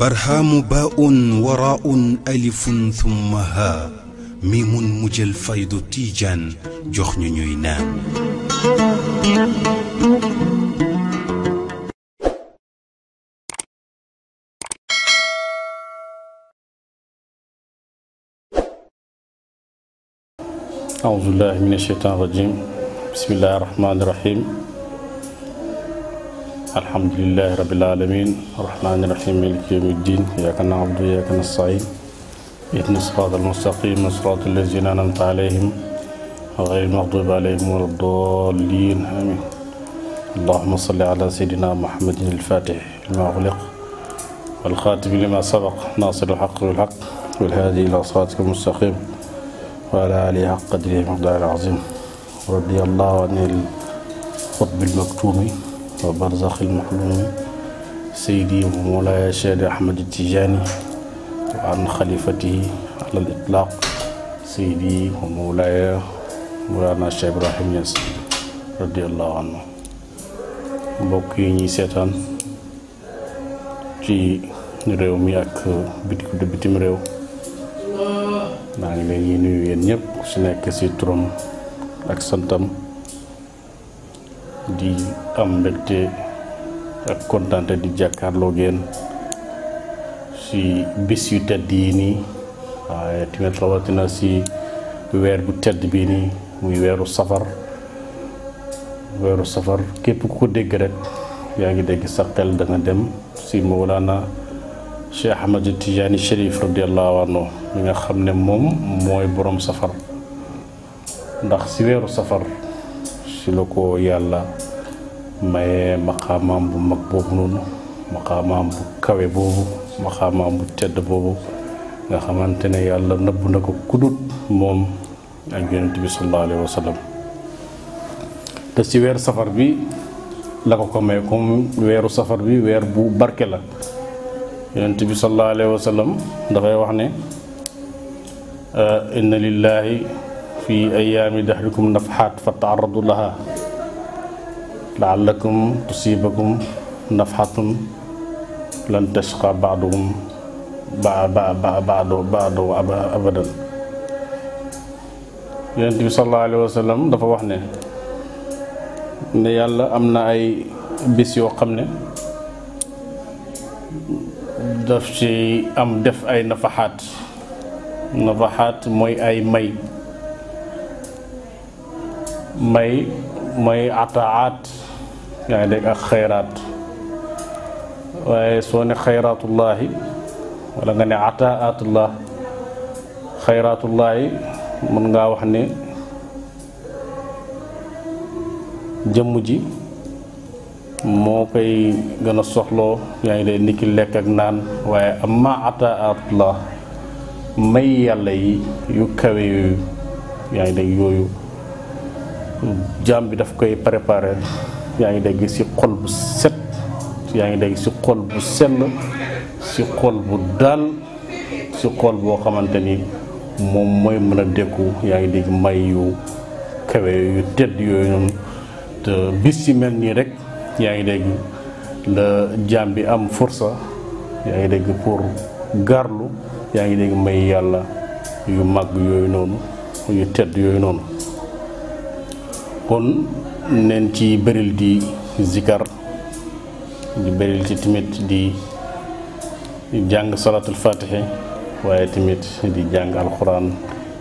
برهام باء وراء ألف ثم ها ميم مجل فيض تيجان جخن نينان أعوذ بالله من الشيطان الرجيم بسم الله الرحمن الرحيم الحمد لله رب العالمين الرحمن الرحيم maliki يوم الدين اياك نعبد واياك نستعين اهدنا الصراط المستقيم صراط الذين انعمت عليهم غير المغضوب عليهم ولا الضالين امين اللهم صل على سيدنا محمد الفاتح لما اغلق والخاتم لما سبق ناصر الحق بالحق والهادي الى صراطك المستقيم وعلى اله حق قدره العظيم رضي الله عن الخطب المكتوم برزخ المحلوم سيدي ومولاي الشيخ أحمد التجاني وعن خليفته على الإطلاق سيدي ومولاي مولانا الشيخ إبراهيم ياس رضي الله عنه بوكي yi ñuy seetaan ci réew mi ak bitik de bitim réew maa ngi leen ñuy nuyu yéen di am mbégte ak kontante di jàkkaarloo logen si bis yu tedd yi nii waaye tamit rawatina si weer bu tedd bi ni muy weeru safar weeru safar képp ku ko dégg rek yaa ngi dégg sa xel nga dem si mawlana cheikh ahmad tijani sharif radiyallahu anhu mi nga xam ne moom mooy borom safar ndax si weeru safar si la ko yàlla maye maqaamaam bu mag boobu noonu maqaamaam bu kawe boobu maqaamaam bu tedd boobu nga xamante ne yàlla nëbb na ko kudut moom ak yonent bi sallallahu alayhi wa te ci weer safar bi la ko ko may comme weeru safar bi weer bu barke la yonent bi sallallahu alayhi wa dafay wax ne inna lillahi في أيام دهركم نفحات فتعرضوا لها لعلكم تصيبكم نفحة لن تشقى بعضهم بعد بعد أبدا النبي صلى الله عليه وسلم دا فا وخني ان يالا امنا اي بيس يو خمنه داف شي ام دف اي نفحات نفحات موي اي ماي may mooy ataat ak xayraat waaye soo ne xayraatullaahi wala nga ne ataatullah xayraatullaahi mën ngaa wax ne jëmm ji moo koy gën a soxloo yaa ngi dégg niki lekk ak naan waaye amma ataatullah may yàlla yi yu kawe yooyu yaa ngi dégg yooyu jaam bi daf koy préparer yaa ngi dégg si xol bu set yaa ngi dégg si xol bu sell si xol bu daal si xol boo xamante ni moom mooy mën a dékku yaa ngi dégg may yu kawe yu tedd yooyu noonu te bis ci mel nii rek yaa ngi dégg la jaam bi am force yaa ngi dégg pour garlu yaa ngi dégg may yàlla yu mag yooyu noonu yu tedd yooyu noonu kon neen ci bëril di zikar di bëril ci tamit di jàng salaatul faatixe waaye tamit di jàng alxuraan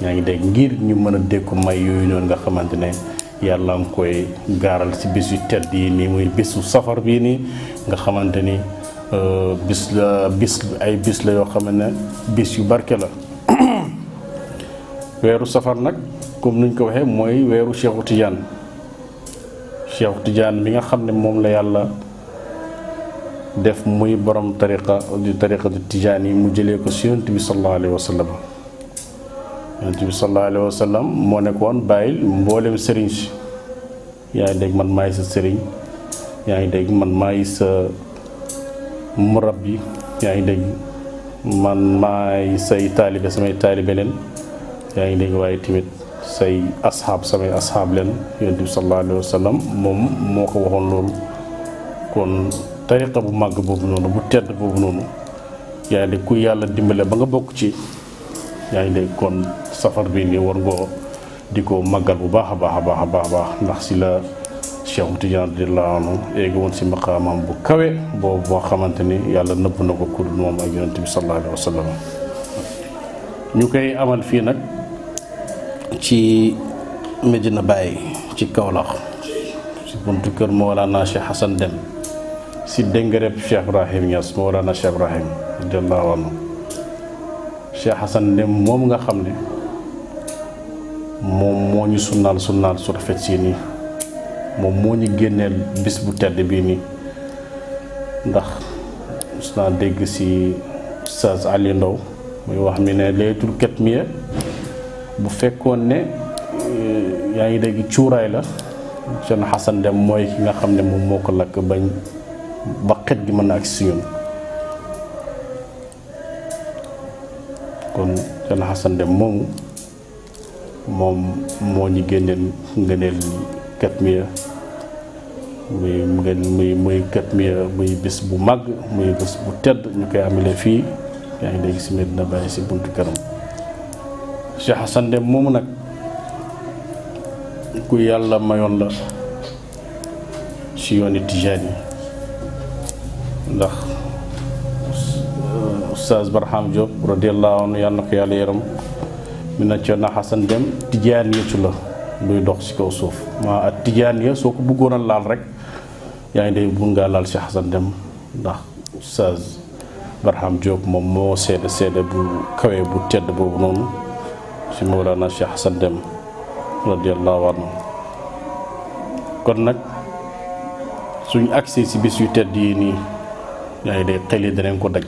ñaa ngi dégg ngir ñu mën a dékku may yooyu noonu nga xamante ne yàlla nga koy gaaral ci bis yu tedd yi nii muy bisu safar bii nii nga xamante ni euh, bis la bis ay bis la yoo xam ne bis yu barke la weeru safar nag comme nuñ ko waxee mooy weeru Cheikhu Tidiane Cheikhu tijaan bi nga xam ne moom la yàlla def muy borom tariqa di tariqa yi mu jëlee ko si yonent bi sallallahu sa wa sallam yonent bi sallallahu alayhi wa sallam moo mboolem sëriñ si yaa dégg man maay sa sëriñ yaa ngi dégg man maay sa murabbi yaa ngi dégg man maay say taalibe samay taalibe leen yaa ngi dégg waaye tamit say asxaab samay asxaab leen yonent bi sallallahu alayhi wa moom moo ko waxoon loolu kon tariqa bu màgg boobu noonu bu tedd boobu noonu yaa ngi ku yàlla dimbale ba nga bokk ci yaa ngi kon safar bi nii war ngoo di ko màggal bu baax a baax a baax a baax ndax si la Cheikh Tidiane radiyallaahu anhu eegi woon si maqaamam bu kawe boobu boo xamante ni yàlla nëbb na ko kuréel moom ak yonent bi sallallahu alayhi wa ñu koy amal fii nag. ci Medina bàyyi ci Kaolack ci buntu kër Mawlana Cheikh Hassan Deme si déngreb Cheikh Ibrahim Niass Mawlana Cheikh Ibrahim radiyallahu anhu Cheikh Hassan Deme moom xam ne moom moo ñu sunnaal sunnaal su rafet nii moom moo ñu génneel bis bu tedd bii nii ndax mos naa dégg si Oustaz Ali Ndaw muy wax mi ne laytul katmiya bu fekkoon ne eh, yaa ngi dégg cuuraay la seen xasan dem mooy ki nga xam ne moom moo ko lakk bañ ba xet gi mën a ak si yoon kon seen xasan dem moomu moom moo ñu génneel mi katmiya muy ngeen muy muy katmiya muy bés bu màgg muy bés bu tedd ñu koy amalee fii yaa ngi dégg si na bàyyi si buntu këram Cheikh Hassane moom moomu nag ku yàlla mayoon la ci yooni tijaan yi ndax Oustaz Barham Diop radiyallahu anhu yàlla na ko yàlla yaram mi na coo na Hassane Dème tijaan yetu la luy dox ci kaw suuf maa ak tijaan ya soo ko bëggoon laal rek yaa ngi day bun ngaa laal Cheikh Hassane Dème ndax Oustaz Barham Diop moom moo seede seede bu kawe bu tedd boobu noonu si Mawlana Cheikh Hasan Dem radiallahu kon nag suñ agsee si bis yu tedd yi nii yaay day xel yi danañ ko daj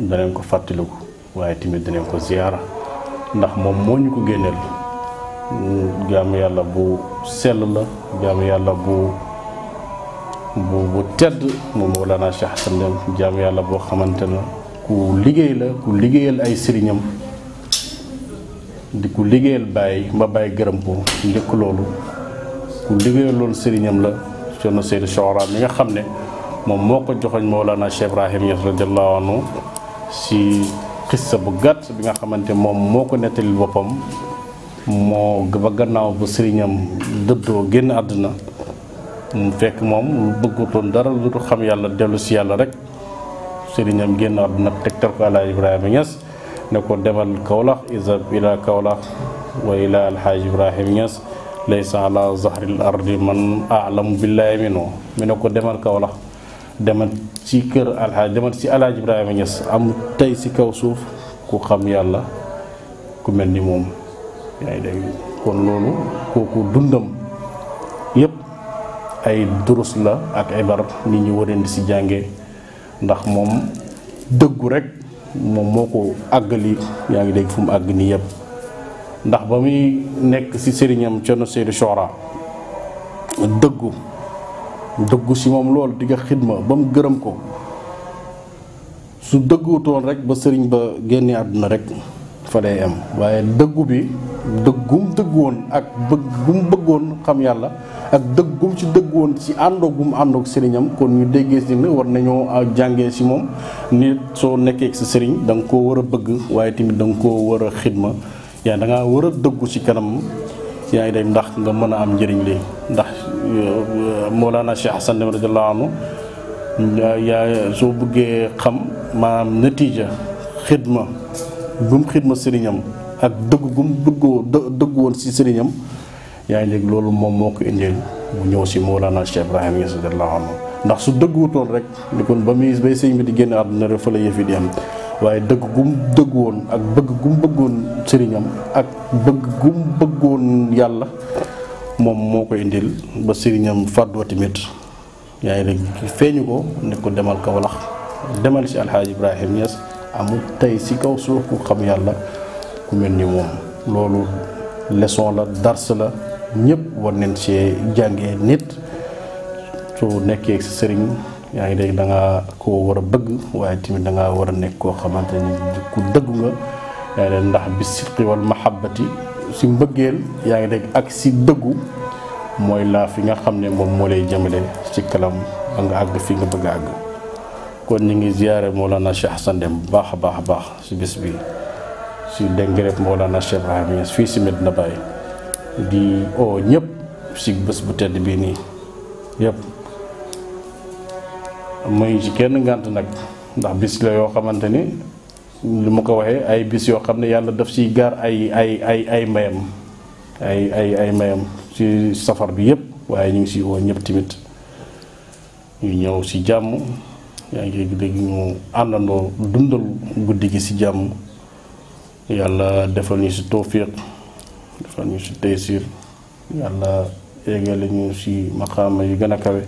danañ ko fàttaliku waaye tamit danañ ko ziyaara ndax moom moo ñu ko génneel jaamu yàlla bu sell la jaamu yàlla bu bu bu tedd moom Mawlana Cheikh Hasan Dem yàlla boo xamante na ku liggéey la ku liggéeyal ay sëriñam di ku liggéeyal bàyyi ba bàyyi gërëm ko ndikk loolu ku liggéeyal loolu sëriñam la Cerno Seydou Sohra mi nga xam ne moom moo ko joxoñ Mawlana Cheikh Ibrahim Niass radiallahu anhu si xissa bu gàtt bi nga xamante moom moo ko nettalil boppam moo ba gannaaw ba sëriñam dëddoo génn àdduna mu fekk moom bëggatoon dara lu xam yàlla dellu si yàlla rek sëriñam génn àdduna tegtal ko Alaaji Ibrahima Niass نكون دبل كولاخ إذا إلى كولاخ وإلى الحاج إبراهيم يس ليس على ظهر الأرض من أعلم بالله منه من نكون دبل كولاخ دمن سيكر الحاج دمن سي الحاج إبراهيم يس أم تي سي كوسوف كو خم يالا كو ملني موم يعني داي كون لولو كوكو دوندم ييب اي دروس لا اك عبر نيت ني وريندي سي جانغي ndax mom deggu rek moom moo ko àggali yaa ngi dégg fu mu àgg nii yëpp ndax ba muy nekk ci sëriñam Cerno Seydou Soxra dëggu dëggu ci moom loolu di nga xidma ba mu gërëm ko su dëggutoon rek ba sëriñ ba génnee àdduna rek fa day am waaye dëggu bi dëggum dëggoon ak bëgg gum bëggoon xam yàlla ak dëggum ci dëggoon ci àndoog gum àndoog sëriñam kon ñu déggee si ne war nañoo ah, jàngee si moom nit soo nekkee sa sëriñ da nga koo war a bëgg waaye tamit da nga koo war a xidma yaa da ngaa war a dëggu ci kanam yaa ngi dem ndax nga mën a am njëriñ li ndax euh, Mawlana Cheikh Hassan Deme radiyallahu anhu yaa soo bëggee xam maanaam natiija xidma bu mu xidma sëriñam ak dëgg gu mu woon si sëriñam yaa ngi dégg loolu moom moo ko indil mu ñëw si Mawlana Cheikh Ibrahima Niass ndax su dëgguwutoon rek kon ba muy bay sëñ di génn àdduna rek fa la yëf yi waaye dëgg gu ak bëgg gu sëriñam ak bëgg gu mu yàlla moom moo ko indil ba sëriñam fàddoo tamit feeñu ko ne ko demal Kawlax demal si Alxaaji Ibrahima Niass amul tey si kaw suufu ku xam yàlla ku mel ni moom loolu leçon la dars la ñëpp war nañ see jàngee nit soo nekkee si sëriñ yaa ngi dégg danga ko war a bëgg waaye tamit da war a nekk koo xamante ni ku dëggu nga yaa ngi ndax bi sidqi wal mahabbati si mbëggeel yaa ngi dégg ak si dëggu mooy laa fi nga xam ne moom moo lay jëmale ci kalam ba nga àgg fi nga bëgg a àgg kon ñi ngi ziaré Mawlana Cheikh Hassan Dem bax bax bax ci bis bi ci dengrep Mawlana Cheikh Ibrahim fi ci Medina Baye di o oh, ñep ci bés bu tedd bi ni yëpp muy ci kenn ngant nak ndax bis la yo xamanteni limu ko waxee ay bis yo xam yalla daf ci gar ay ay ay ay mayam ay ay ay mayam ci safar bi yëpp waye ñu ngi ci oo oh, ñep timit ñu ñew ci jamm yaa ngi dégg ñu àndandoo dundal guddi gi ci jàmm yàlla defal ñu ci tawfiq defal ñu ci taysir yàlla eggale ñu ci maqaama yu gën a kawe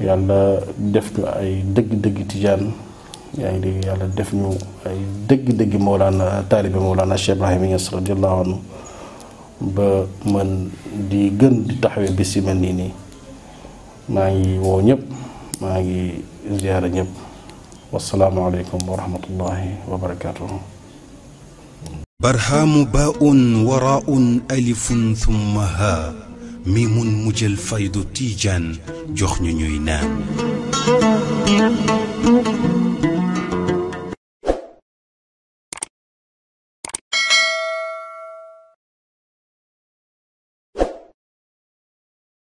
yàlla def ñu ay dëgg-dëgg tijaan yaa ngi dégg yàlla def ñu ay dëgg-dëgg Mawlana taalibe Mawlana Cheikh Ibrahima Niass radiyallahu anhu ba man di gën di taxawee bis yu mel nii nii maa ngi woo ñëpp. maa ngi ziyaara ñëpp wasalaamualeykum wa rahmatullahi wa barakaatuhu. barhaamu baa'un waraa'un alifun thumma haa miimun mujjal faydu tiijaan jox ñu ñuy naan.